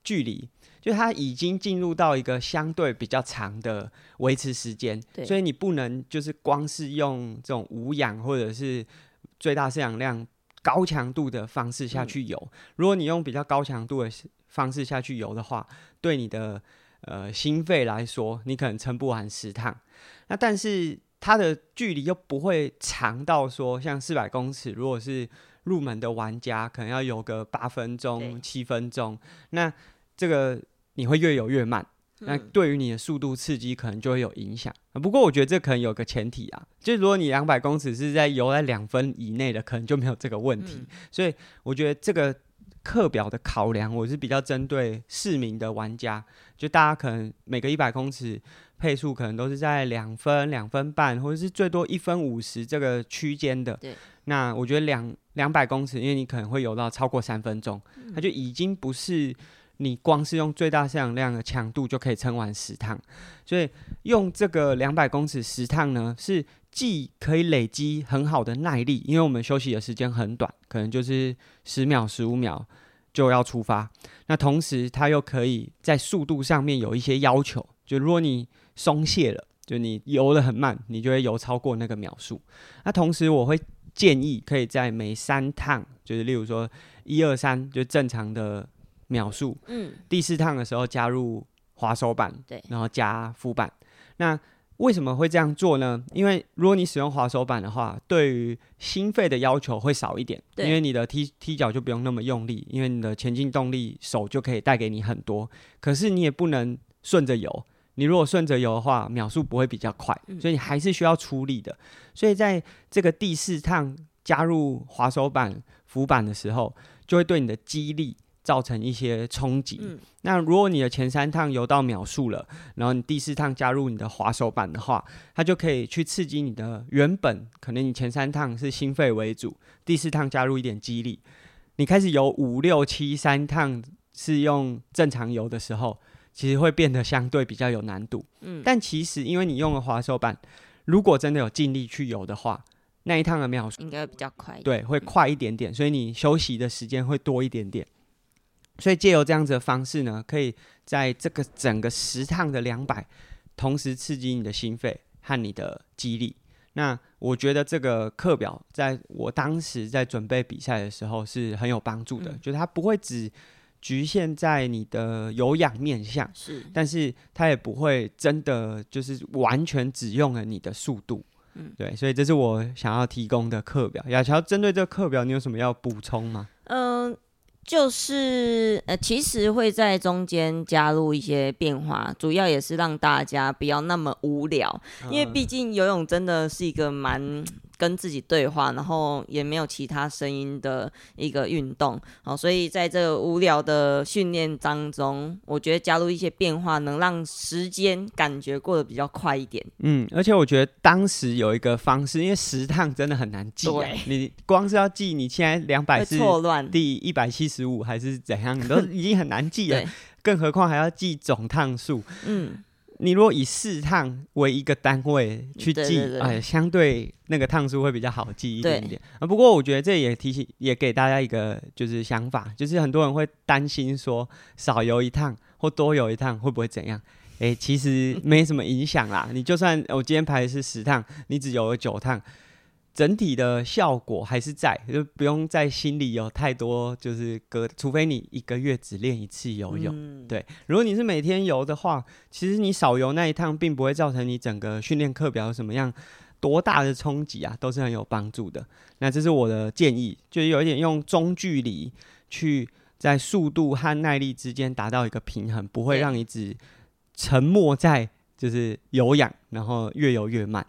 距離。就它已經進入到一個相對比較長的維持時間，所以你不能就是光是用這種無氧或者是最大攝氧量高強度的方式下去游。嗯。如果你用比較高強度的方式下去游的話，對你的呃心肺來說，你可能撐不完十趟。那但是它的距離又不會長到說像四百公尺，如果是入門的玩家，可能要游個八分鐘、七分鐘。那這個。你會越游越慢，那對於你的速度刺激可能就會有影響、嗯啊。不過我覺得這可能有個前提啊，就是如果你兩百公尺是在游在兩分以內的，可能就沒有這個問題。嗯、所以我覺得這個課表的考量，我是比較針對市民的玩家，就大家可能每個一百公尺配速可能都是在兩分、兩分半，或者是最多一分五十這個區間的。對。那我覺得兩兩百公尺，因為你可能會游到超過三分鐘、嗯，它就已經不是。你光是用最大攝氧量的強度就可以撐完十趟，所以用這個兩百公尺十趟呢，是既可以累積很好的耐力，因為我們休息的時間很短，可能就是十秒、十五秒就要出發。那同時，它又可以在速度上面有一些要求，就如果你鬆懈了，就你游得很慢，你就會游超過那個秒數。那同時，我會建議可以在每三趟，就是例如說一二三，就正常的。秒數，嗯，第四趟的時候加入划手板，對，然後加浮板。那為什麼會這樣做呢？因為如果你使用划手板的話，對於心肺的要求會少一點，因為你的踢踢腳就不用那麼用力，因為你的前進動力手就可以帶給你很多。可是你也不能順着游，你如果順着游的話，秒數不會比較快，所以你還是需要出力的。嗯，所以在這個第四趟加入划手板、浮板的時候，就會對你的肌力。造成一些衝擊、嗯。那如果你的前三趟游到秒數了，然後你第四趟加入你的划手板的話，它就可以去刺激你的原本可能你前三趟是心肺為主，第四趟加入一點肌力。你開始游五六七三趟是用正常游的時候，其實會變得相對比較有難度。嗯，但其實因為你用了划手板，如果真的有盡力去游的話，那一趟的秒數應該會比較快。對，會快一點點，所以你休息的時間會多一點點。所以借由這樣子的方式呢，可以在這個整個十趟的兩百，同時刺激你的心肺和你的肌力。那我覺得這個課表在我當時在準備比賽的時候是很有幫助的、嗯，就是它不會只侷限在你的有氧面向，是，但是它也不會真的就是完全只用了你的速度，嗯、對。所以這是我想要提供的課表。雅喬，針對這個課表，你有什麼要補充嗎？嗯、呃。就是呃，其實會在中間加入一些變化，主要也是讓大家不要那麼無聊，因為畢竟游泳真的是一個蠻，跟自己對話，然後也沒有其他聲音的一個運動，好，所以在這個無聊的訓練當中，我覺得加入一些變化，能讓時間感覺過得比較快一點。嗯，而且我覺得當時有一個方式，因為十趟真的很難記，啊對，你光是要記你現在兩百次，錯亂，第一百七十五還是怎樣，你都已經很難記了， *laughs* 更何況還要記總趟數。嗯。你如果以四趟為一個單位去記，哎、呃，相對那個趟數會比較好記一點點。啊，不過我覺得這也提醒也給大家一個就是想法，就是很多人會擔心說少游一趟或多游一趟會不會怎樣？哎、欸，其實沒什麼影響啦。 *laughs* 你就算我今天排的是十趟，你只游了九趟。整體的效果還是在，就不用在心裡有太多就是隔，除非你一個月只練一次游泳，嗯、對。如果你是每天游的話，其實你少游那一趟，並不會造成你整個訓練課表有什麼樣多大的衝擊啊，都是很有幫助的。那這是我的建議，就是有一點用中距離去在速度和耐力之間達到一個平衡，不會讓你只沉默在就是有氧，然後越游越慢。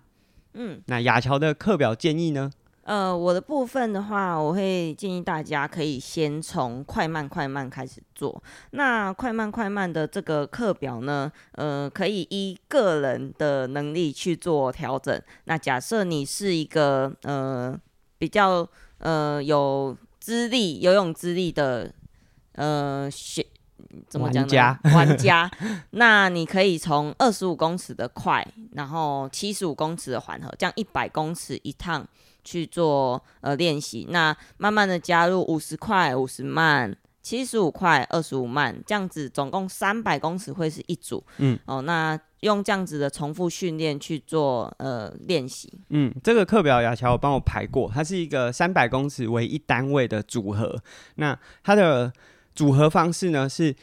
嗯，那雅喬的課表建議呢？呃，我的部分的話，我會建議大家可以先從快慢快慢開始做。那快慢快慢的這個課表呢，呃，可以依個人的能力去做調整。那假設你是一個呃比較呃有資歷游泳資歷的呃學。怎麼講呢？玩家，玩家 *laughs* 那你可以從二十五公尺的快，然後七十五公尺的緩和，這樣一百公尺一趟去做呃練習。那慢慢的加入五十快、五十慢、七十五快、二十五慢，這樣子總共三百公尺會是一組。嗯，哦，那用這樣子的重複訓練去做呃練習。嗯，這個課表雅喬幫我排過，它是一個三百公尺為一單位的組合。那它的。組合方式呢，是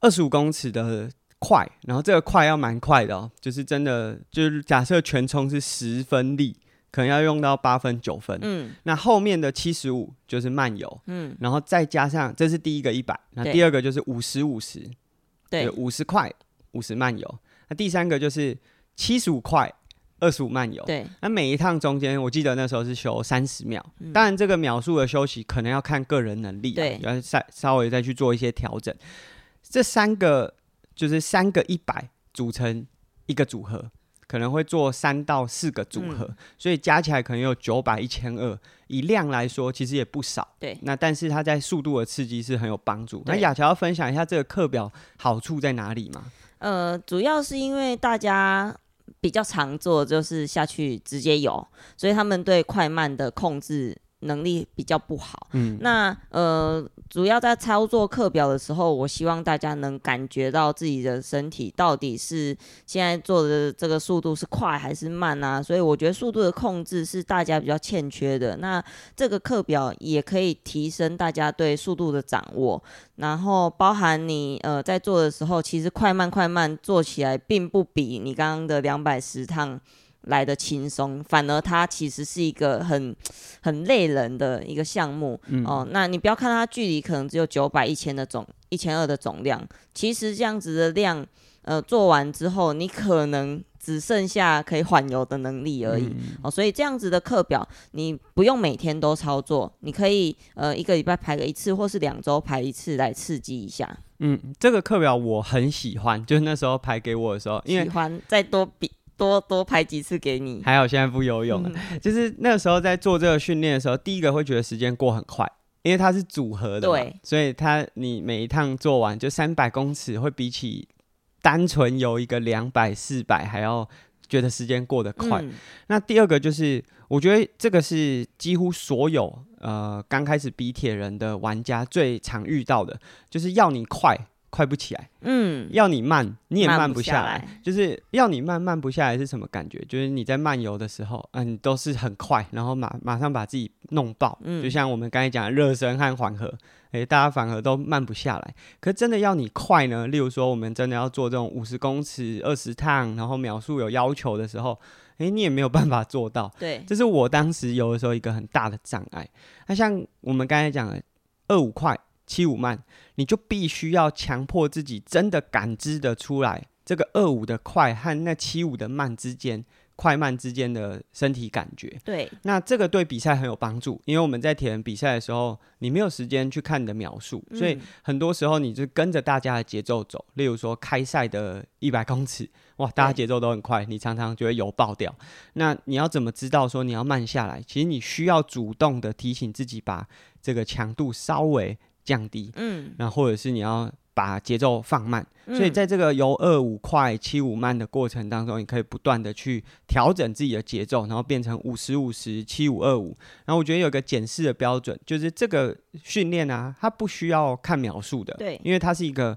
二十五公尺的快，然後這個快要蠻快的哦、喔，就是真的就是假設全衝是十分力，可能要用到八分九分，嗯，那後面的七十五就是慢游，嗯，然後再加上這是第一個一百，那第二個就是五十五十，對，五十快五十慢游，那第三個就是七十五快，二十五慢游，對，那每一趟中間，我記得那時候是休三十秒、嗯。當然，這個秒數的休息可能要看個人能力、啊，對，要再稍微再去做一些調整。這三個就是三個一百組成一個組合，可能會做三到四個組合、嗯，所以加起來可能有九百一千二。以量來說，其實也不少，對。那但是它在速度的刺激是很有幫助。那雅喬要分享一下這個課表好處在哪裡嗎？呃，主要是因為大家。比較常做就是下去直接游，所以他們對快慢的控制。能力比較不好，嗯，那呃，主要在操作課表的時候，我希望大家能感覺到自己的身體到底是現在做的這個速度是快還是慢啊。所以我覺得速度的控制是大家比較欠缺的。那這個課表也可以提升大家對速度的掌握，然後包含你呃在做的時候，其實快慢快慢做起來並不比你剛剛的兩百十趟。來得輕鬆，反而它其實是一個很很累人的一個項目、嗯、哦。那你不要看它距離可能只有九百一千的總一千二的總量，其實這樣子的量，呃，做完之後你可能只剩下可以緩游的能力而已、嗯、哦。所以這樣子的課表，你不用每天都操作，你可以呃一個禮拜排個一次，或是兩周排一次來刺激一下。嗯，這個課表我很喜歡，就是那時候排給我的時候，因為喜歡再多比。多多拍幾次給你，還好現在不游泳了，嗯，就是那個時候在做這個訓練的時候，第一個會覺得時間過很快，因為它是組合的，對，所以它你每一趟做完就三百公尺，會比起單純游一個兩百、四百還要覺得時間過得快，嗯。那第二個就是，我覺得這個是幾乎所有呃剛開始比鐵人的玩家最常遇到的，就是要你快。快不起來，嗯，要你慢，你也慢不下來，下來就是要你慢，慢不下來是什麼感覺？就是你在慢游的時候，嗯、呃，你都是很快，然後馬馬上把自己弄爆，嗯、就像我們剛才講的熱身和緩和，哎、欸，大家緩和都慢不下來，可是真的要你快呢？例如說，我們真的要做這種五十公尺二十趟，然後秒數有要求的時候，哎、欸，你也沒有辦法做到，嗯、對，這是我當時游的時候一個很大的障礙。那像我們剛才講的二五塊。七五慢，你就必須要強迫自己真的感知的出來這個二五的快和那七五的慢之間，快慢之間的身體感覺。對，那這個對比賽很有幫助，因為我們在鐵人比賽的時候，你沒有時間去看你的描述、嗯，所以很多時候你就跟着大家的節奏走。例如說，開賽的一百公尺，哇，大家節奏都很快，你常常就會油爆掉。那你要怎麼知道說你要慢下來？其實你需要主動的提醒自己，把這個強度稍微。降低，嗯，然後或者是你要把節奏放慢，嗯，所以在這個由二五快七五慢的過程當中，你可以不斷的去調整自己的節奏，然後變成五十五十七五二五。然後我覺得有個檢視的標準，就是這個訓練啊，它不需要看描述的，對，因為它是一個。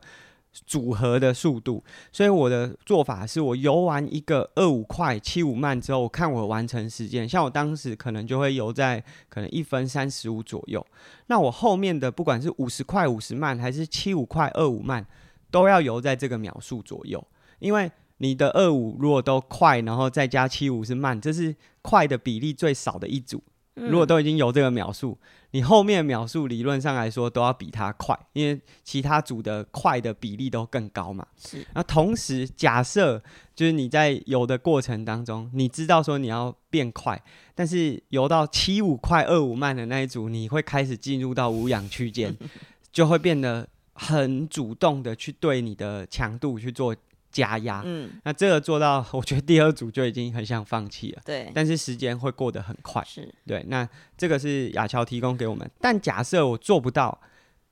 組合的速度，所以我的做法是我游完一個二五快七五慢之後，我看我的完成時間。像我當時可能就會游在可能一分三十五左右。那我後面的不管是五十快五十慢，還是七五快二五慢，都要游在這個秒數左右。因為你的二五如果都快，然後再加七五是慢，這是快的比例最少的一組。嗯、如果都已經游這個秒數。你後面秒數理論上來說都要比它快，因為其他組的快的比例都更高嘛。是。那同時假設就是你在游的過程當中，你知道說你要變快，但是游到七五快二五慢的那一組，你會開始進入到無氧區間， *laughs* 就會變得很主動的去對你的強度去做加壓，嗯，那這個做到，我覺得第二組就已經很想放棄了，對，但是時間會過得很快，是對，那這個是雅喬提供給我們，但假設我做不到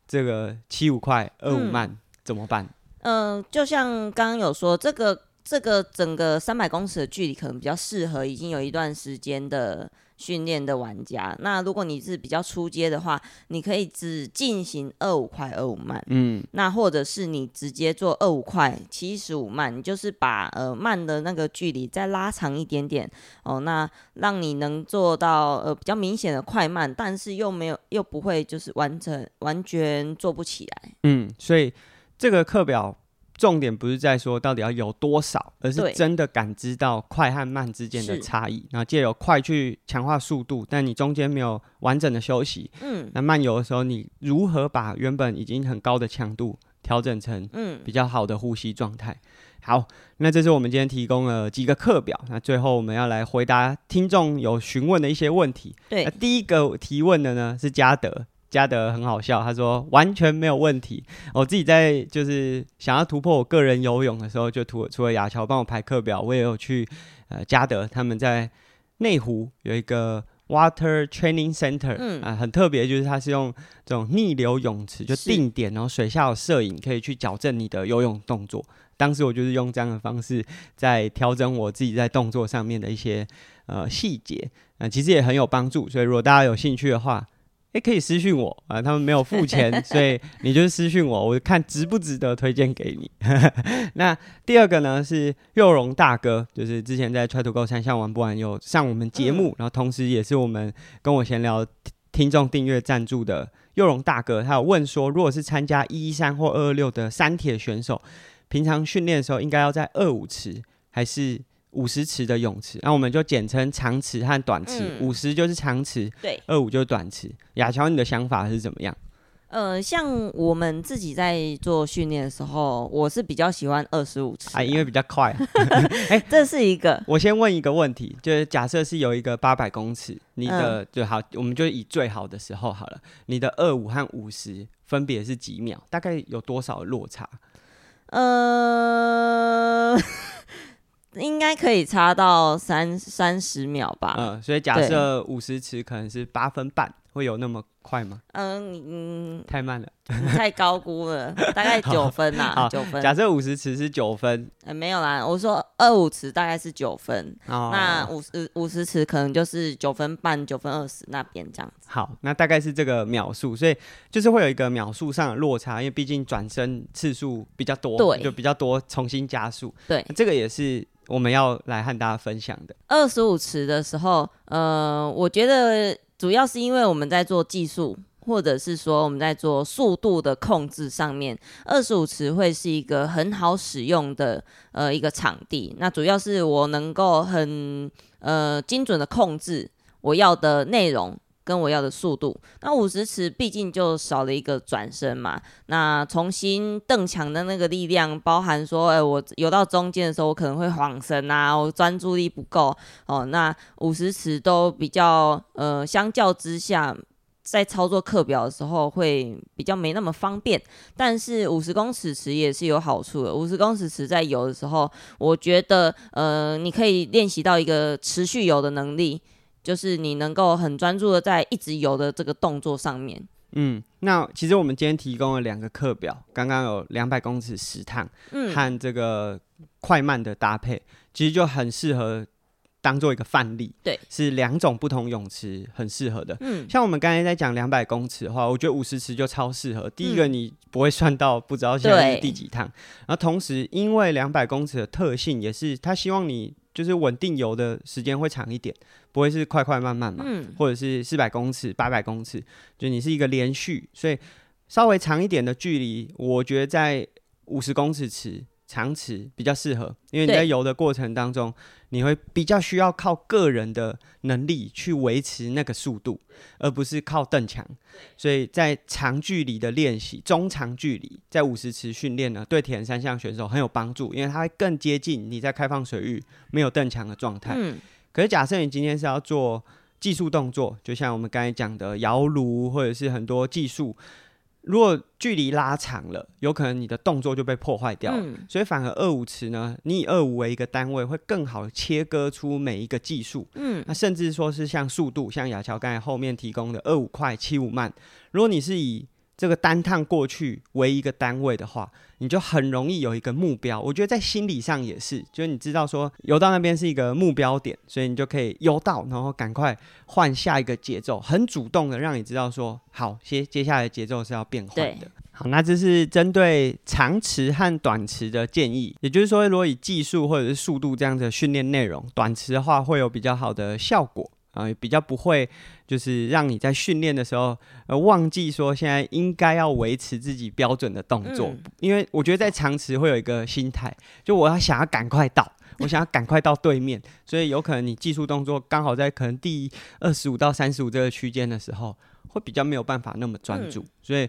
這個七五快二五慢、嗯、怎麼辦？嗯、呃，就像剛剛有說，這個這個整個三百公尺的距離可能比較適合已經有一段時間的。訓練的玩家，那如果你是比較初階的話，你可以只進行二五快、二五慢，嗯，那或者是你直接做二五快、七十五慢，你就是把呃慢的那個距離再拉長一點點哦，那讓你能做到呃比較明顯的快慢，但是又沒有又不會就是完成完全做不起來，嗯，所以這個課表。重點不是在說到底要有多少，而是真的感知到快和慢之間的差異，然後借由快去強化速度，但你中間沒有完整的休息。嗯，那慢游的時候，你如何把原本已經很高的強度調整成嗯比較好的呼吸狀態，嗯？好，那這是我們今天提供了幾個課表。那最後我們要來回答聽眾有詢問的一些問題。對，那第一個提問的呢是嘉德。嘉德很好笑，他說完全沒有問題。我自己在就是想要突破我個人游泳的時候，就除除了雅喬幫我排課表，我也有去呃嘉德，他們在內湖有一個 Water Training Center，嗯啊、呃，很特別，就是它是用這種逆流泳池，就定點，然後水下有攝影可以去矯正你的游泳動作。當時我就是用這樣的方式在調整我自己在動作上面的一些呃細節，嗯、呃，其實也很有幫助。所以如果大家有興趣的話，欸、可以私訊我啊，他們沒有付錢， *laughs* 所以你就私訊我，我看值不值得推薦給你。 *laughs* 那第二個呢是佑榮大哥，就是之前在 Try to Go 三項玩不完，有上我們節目、嗯，然後同時也是我們跟我閒聊聽眾訂閱贊助的佑榮大哥，他有問說，如果是參加一一三或二二六的三鐵選手，平常訓練的時候應該要在二五池還是五十池的泳池，那我們就簡稱長池和短池。五、嗯、十就是長池，對，二五就是短池。雅喬，你的想法是怎麼樣？呃，像我們自己在做訓練的時候，我是比較喜歡二十五池啊，啊，因為比較快、啊。哎、 *laughs* 欸，這是一個。我先問一個問題，就是假設是有一個八百公尺，你的最、嗯、好，我們就以最好的時候好了，你的二五和五十分別是幾秒？大概有多少落差？呃。應該可以差到三三十秒吧。嗯，所以假設五十尺可能是八分半，會有那麼快嗎？嗯嗯，太慢了，太高估了， *laughs* 大概九分啦，九分。假設五十尺是九分，呃、欸、沒有啦，我說二五尺大概是九分，哦、那五十五十尺可能就是九分半、九分二十那邊這樣子。好，那大概是這個秒數，所以就是會有一個秒數上的落差，因為畢竟轉身次數比較多，對，就比較多重新加速，對，這個也是。我們要來和大家分享的二十五公尺的時候，呃，我覺得主要是因為我們在做技術，或者是說我們在做速度的控制上面，二十五公尺會是一個很好使用的呃一個場地。那主要是我能夠很呃精準的控制我要的內容。跟我要的速度，那五十尺畢竟就少了一個轉身嘛。那重新蹬牆的那個力量，包含說，誒、欸、我游到中間的時候，我可能會晃神啊，我專注力不夠哦。那五十尺都比較，呃，相較之下，在操作課表的時候會比較沒那麼方便。但是五十公尺池也是有好處的，五十公尺池在游的時候，我覺得，呃，你可以練習到一個持續游的能力。就是你能夠很專注的在一直游的這個動作上面。嗯，那其實我們今天提供了兩個課表，剛剛有兩百公尺十趟，嗯，和這個快慢的搭配，其實就很適合當做一個範例。對，是兩種不同泳池很適合的。嗯，像我們剛才在講兩百公尺的話，我覺得五十池就超適合。第一個你不會算到不知道現在是第幾趟，然後同時因為兩百公尺的特性也是，他希望你。就是穩定游的時間會長一點，不會是快快慢慢嘛，嗯、或者是四百公尺、八百公尺，就你是一個連續，所以稍微長一點的距離，我覺得在五十公尺池。長池比較適合，因為你在游的過程當中，你會比較需要靠個人的能力去維持那個速度，而不是靠蹬牆。所以在長距離的練習，中長距離在五十池訓練呢，對鐵人三項選手很有幫助，因為它會更接近你在開放水域沒有蹬牆的狀態。嗯。可是假設你今天是要做技術動作，就像我們剛才講的搖櫓，或者是很多技術。如果距離拉長了，有可能你的動作就被破壞掉了，嗯。所以反而二五池呢，你以二五為一個單位，會更好切割出每一個技術。嗯，那甚至說是像速度，像雅喬剛才後面提供的二五快七五慢，如果你是以，這個單趟過去為一個單位的話，你就很容易有一個目標。我覺得在心理上也是，就是你知道說游到那邊是一個目標點，所以你就可以游到，然後趕快換下一個節奏，很主動的讓你知道說，好，接接下來節奏是要變換的。好，那這是針對長池和短池的建議，也就是說，如果以技術或者是速度這樣的訓練內容，短池的話會有比較好的效果。啊、呃，比較不會，就是讓你在訓練的時候呃忘記說現在應該要維持自己標準的動作。嗯，因為我覺得在長池會有一個心態，就我要想要趕快到，我想要趕快到對面， *laughs* 所以有可能你技術動作剛好在可能第二十五到三十五這個區間的時候，會比較沒有辦法那麼專注。嗯，所以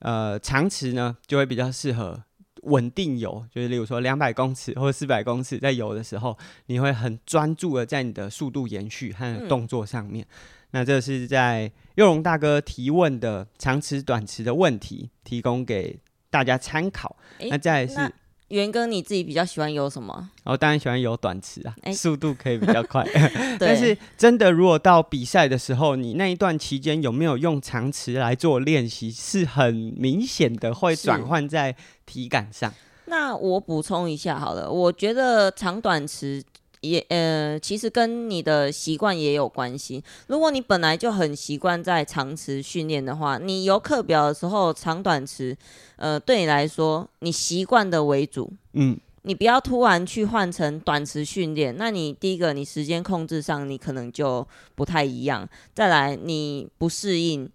呃長池呢就會比較適合。穩定游就是，例如說兩百公尺或者四百公尺，在游的時候，你會很專注的在你的速度延續和動作上面。嗯、那這是在佑榮大哥提問的長池短池的問題，提供給大家參考、欸。那再來是元哥，你自己比較喜歡游什麼？哦，當然喜歡游短池啊、欸，速度可以比較快。 *laughs* *laughs* 但是真的，如果到比賽的時候，你那一段期間有沒有用長池來做練習，是很明顯的會轉換在。體感上，那我補充一下好了。我覺得長短池也呃，其實跟你的習慣也有關係。如果你本來就很習慣在長池訓練的話，你游課表的時候，長短池呃，對你來說你習慣的為主，嗯，你不要突然去換成短池訓練。那你第一個，你時間控制上你可能就不太一樣；再來，你不適應。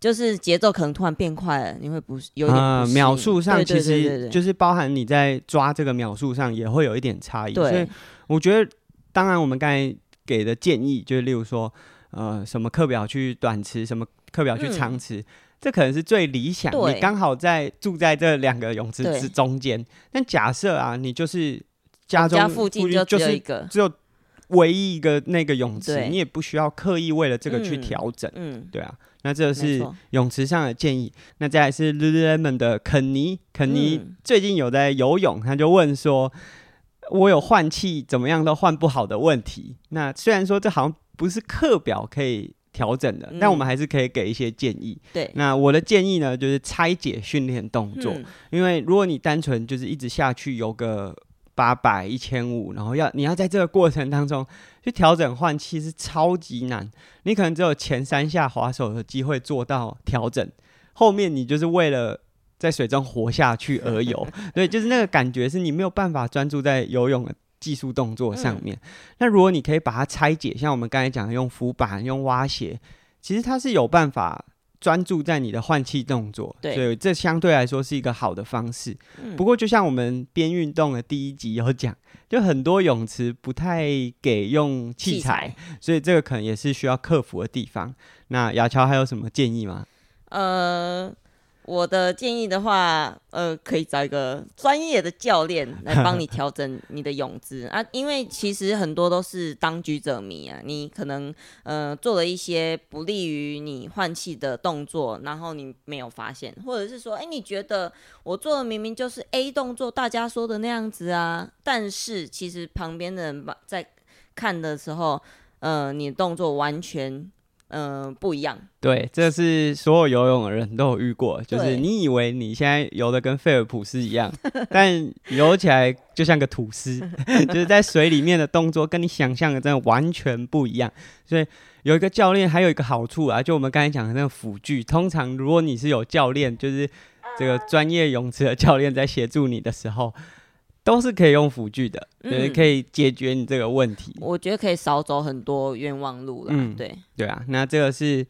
就是節奏可能突然變快了，你會不有點不、呃、秒數上其實就是包含你在抓這個秒數上也會有一點差異，對對對對，所以我覺得，當然我們剛才給的建議，就是例如說，呃，什麼課表去短池，什麼課表去長池、嗯，這可能是最理想，你剛好在住在這兩個泳池之中間。但假設啊，你就是家中家附近就只有一個，就是、只有。唯一一個那個泳池，你也不需要刻意為了這個去調整，嗯，嗯，對啊，那這是泳池上的建議。那再來是 lululemon 的肯尼，肯尼最近有在游泳，嗯、他就問說：“我有換氣怎麼樣都換不好的問題。”那雖然說這好像不是課表可以調整的，嗯，但我們還是可以給一些建議。對，那我的建議呢，就是拆解訓練動作，嗯，因為如果你單純就是一直下去游個。八百一千五，然後要你要在這個過程當中去調整換氣是超級難，你可能只有前三下划手的機會做到調整，後面你就是為了在水中活下去而游， *laughs* 對，就是那個感覺是你沒有辦法專注在游泳的技術動作上面，嗯。那如果你可以把它拆解，像我們剛才講的用浮板、用蛙鞋，其實它是有辦法，專注在你的換氣動作，對，所以這相對來說是一個好的方式。嗯、不過，就像我們邊運動的第一集有講，就很多泳池不太給用器材，器材，所以這個可能也是需要克服的地方。那雅喬還有什麼建議嗎？呃。我的建議的話，呃，可以找一個專業的教練來幫你調整你的泳姿 *laughs* 啊，因為其實很多都是當局者迷啊，你可能呃做了一些不利於你換氣的動作，然後你沒有發現，或者是說，誒、欸，你覺得我做的明明就是 A 動作，大家說的那樣子啊，但是其實旁邊的人在看的時候，呃，你的動作完全。嗯、呃，不一樣。對，這是所有游泳的人都有遇過，嗯、就是你以為你現在游的跟菲爾普斯一樣，但游起來就像個吐司， *laughs* 就是在水裡面的動作跟你想象的真的完全不一樣。所以有一個教練，還有一個好處啊，就我們剛才講的那個輔具。通常如果你是有教練，就是這個專業泳池的教練在協助你的時候。啊嗯都是可以用輔具的，就是，可以解決你這個問題，嗯。我覺得可以少走很多冤枉路了，嗯。對對啊，那這個是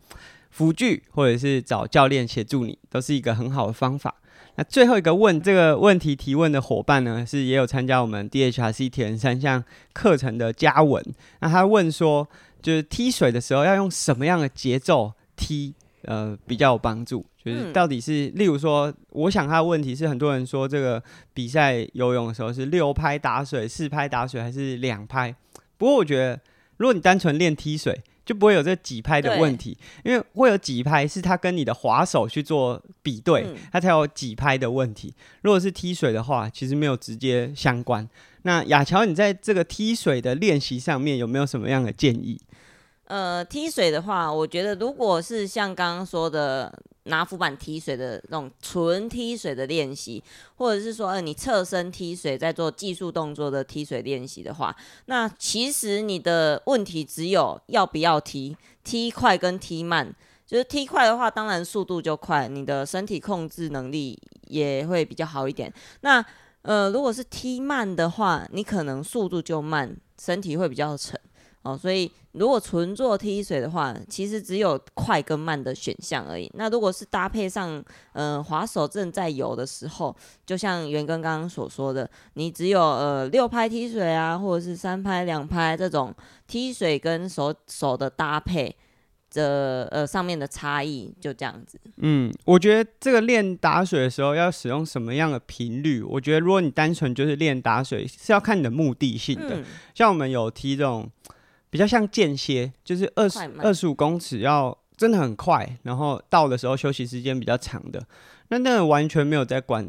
輔具，或者是找教練協助你，都是一個很好的方法。那最後一個問這個問題提問的夥伴呢，是也有參加我們 DHRC 鐵人三項課程的佳文，那他問說，就是踢水的時候要用什麼樣的節奏踢？呃，比較有幫助，就是到底是、嗯，例如說，我想他的問題是，很多人說這個比賽游泳的時候是六拍打水、四拍打水還是兩拍？不過我覺得，如果你單純練踢水，就不會有這幾拍的問題，因為會有幾拍是他跟你的划手去做比對、嗯，他才有幾拍的問題。如果是踢水的話，其實沒有直接相關。那雅喬，你在這個踢水的練習上面有沒有什麼樣的建議？呃，踢水的話，我覺得如果是像剛剛說的拿浮板踢水的那種純踢水的練習，或者是說嗯、呃，你側身踢水在做技術動作的踢水練習的話，那其實你的問題只有要不要踢，踢快跟踢慢。就是踢快的話，當然速度就快，你的身體控制能力也會比較好一點。那呃，如果是踢慢的話，你可能速度就慢，身體會比較沉。哦、所以如果純做踢水的話，其實只有快跟慢的選項而已。那如果是搭配上，嗯、呃，滑手正在游的時候，就像阿耕剛剛所說的，你只有呃六拍踢水啊，或者是三拍、兩拍這種踢水跟手手的搭配，這呃上面的差異就這樣子。嗯，我覺得這個練打水的時候要使用什麼樣的頻率？我覺得如果你單純就是練打水，是要看你的目的性的。嗯、像我們有踢這種。比較像間歇，就是二十二十五公尺要真的很快，然後到的時候休息時間比較長的。那那完全沒有在管，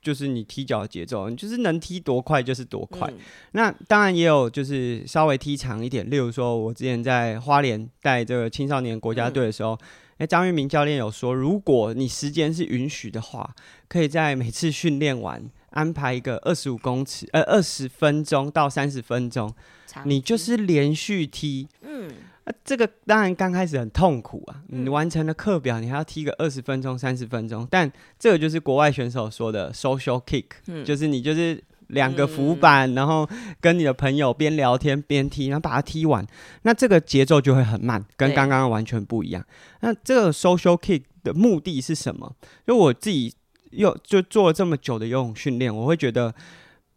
就是你踢腳的節奏，你就是能踢多快就是多快、嗯。那當然也有就是稍微踢長一點，例如說我之前在花蓮帶這個青少年國家隊的時候，哎、嗯、張、欸、玉明教練有說，如果你時間是允許的話，可以在每次訓練完。安排一個二十五公尺，呃，二十分鐘到三十分鐘，你就是連續踢。嗯，啊，這個當然剛開始很痛苦啊，嗯，你完成了課表，你還要踢個二十分鐘、三十分鐘。但這個就是國外選手說的 social kick，嗯，就是你就是兩個浮板，嗯，然後跟你的朋友邊聊天邊踢，然後把它踢完。那這個節奏就會很慢，跟剛剛完全不一樣。那這個 social kick 的目的是什麼？就我自己。又就做了這麼久的游泳訓練，我會覺得，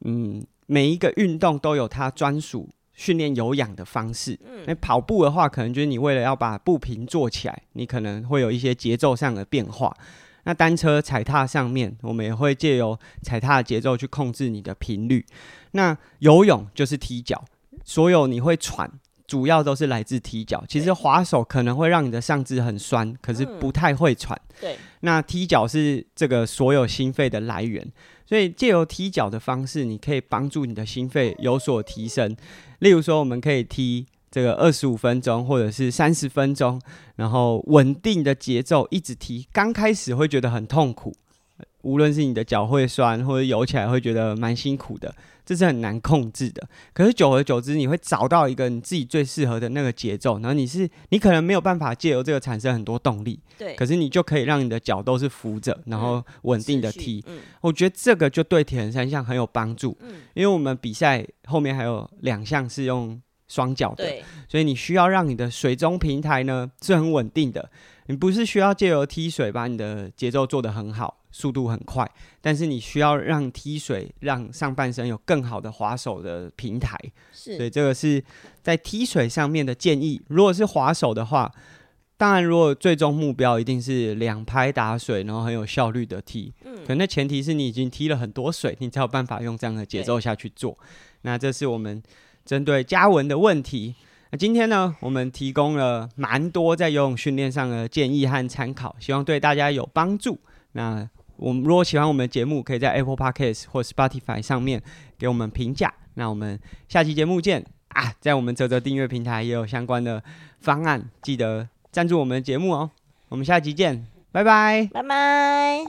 嗯，每一個運動都有它專屬訓練有氧的方式。那跑步的話，可能就是你為了要把步頻做起來，你可能會有一些節奏上的變化。那單車踩踏上面，我們也會借由踩踏的節奏去控制你的頻率。那游泳就是踢腳，所有你會喘，主要都是來自踢腳，其實滑手可能會讓你的上肢很痠，可是不太會喘。嗯、對，那踢腳是這個所有心肺的來源，所以借由踢腳的方式，你可以幫助你的心肺有所提升。例如說，我們可以踢這個二十五分鐘，或者是三十分鐘，然後穩定的節奏一直踢，剛開始會覺得很痛苦。無論是你的腳會酸，或者游起來會覺得蠻辛苦的，這是很難控制的。可是久而久之，你會找到一個你自己最適合的那個節奏。然後你是你可能沒有辦法借由這個產生很多動力，對。可是你就可以讓你的腳都是扶着，嗯，然後穩定的踢，嗯。我覺得這個就對鐵人三項很有幫助，嗯。因為我們比賽後面還有兩項是用雙腳的，對。所以你需要讓你的水中平台呢是很穩定的，你不是需要借由踢水把你的節奏做得很好。速度很快，但是你需要讓踢水，讓上半身有更好的划手的平台。是，所以這個是在踢水上面的建議。如果是划手的話，當然，如果最終目標一定是兩拍打水，然後很有效率的踢，嗯，可能那前提是你已經踢了很多水，你才有辦法用這樣的節奏下去做。那這是我們針對加文的問題。那今天呢，我們提供了蠻多在游泳訓練上的建議和參考，希望對大家有幫助。那。我們如果喜歡我們的節目，可以在 Apple Podcast 或 Spotify 上面給我們評價。那我們下期節目見啊！在我們嘖嘖訂閱平台也有相關的方案，記得贊助我們的節目哦。我們下期見，拜拜，拜拜。